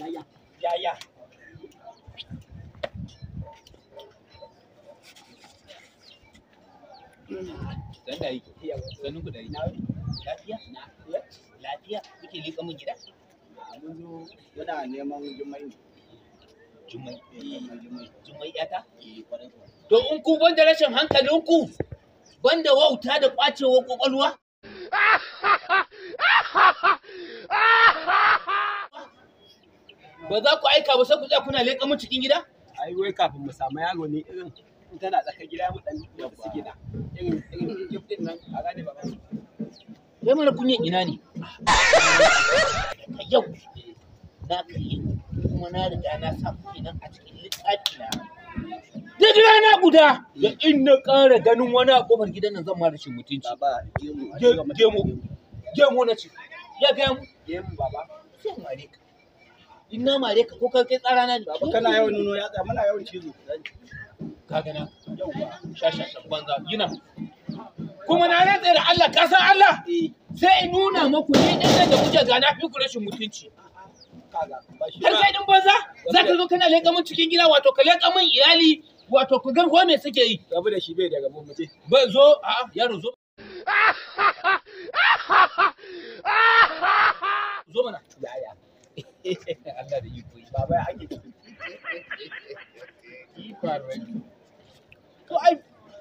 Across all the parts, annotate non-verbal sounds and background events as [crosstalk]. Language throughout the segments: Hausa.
Yaya. da yi. da yi. Lafiya? Lafiya? Kuke liƙa gida? yana neman jumai. Jumai. To in ku ban da rashin hankalinku ban da wauta da ƙwacewar ƙwaƙwalwa? [laughs] ba za ku aika ba sai ku tsaya kuna leƙa mu cikin gida ai wai kafin mu samu yaro ne irin in tana tsaka gida mu dan da su gida irin irin giftin nan a gane ba kai mana kunya ina ne yau na kai kuma na riga na sa kuɗi a cikin littafi na duk rana guda da in na ƙara ganin wani a ƙofar gidan nan zan ma rashin mutunci gemu gemu na ce ya gemu. gemu baba sai mu ka in na mare ka ko kai kai tsara na ne ba kana yawan nuno ya tsaya muna yawan cizo ka ga banza kuma na rantsa da Allah ka san Allah eh. sai in nuna maku ni din da kuke gana na fi ku rashin mutunci har sai din banza za ka zo kana leƙa mun cikin gida wato ka leƙa mun iyali wato ku ga ko me suke yi rabu da shi bai daga mu zo a yaro zo [laughs] zo mana Allah da iko baba ya ake kifar to ai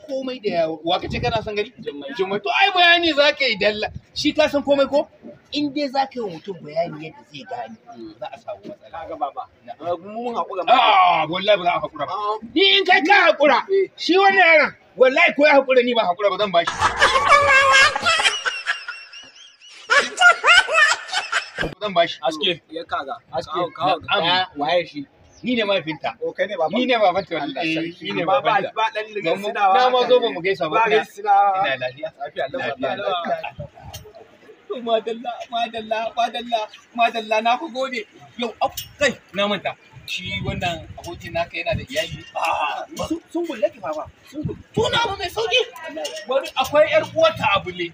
komai da yawa wa kace kana san gari jummai to ai bayani zaka yi dalla shi ka san komai ko in dai za ka yi wa mutum bayani yadda zai gane hmm. za a samu matsala ga baba mun haƙura ba a ah, wallahi ba za a haƙura ba ah. ni in kai ka haƙura shi wannan yana wallahi ko ya haƙura ni ba haƙura ba zan bashi [laughs] zan bashi aske ya kaga aske kaga waye shi ni ne mahaifinta ni ne babanta eh, sarki. ni ne babanta na ma zo ba mu gaisa ba ina lafiya madalla madalla madalla madalla na ku gode yau kai na manta shi wannan abokin naka yana da iyali ah, sun bulle ki baba sun gulle tuna mai sauki wani akwai yar uwarta abule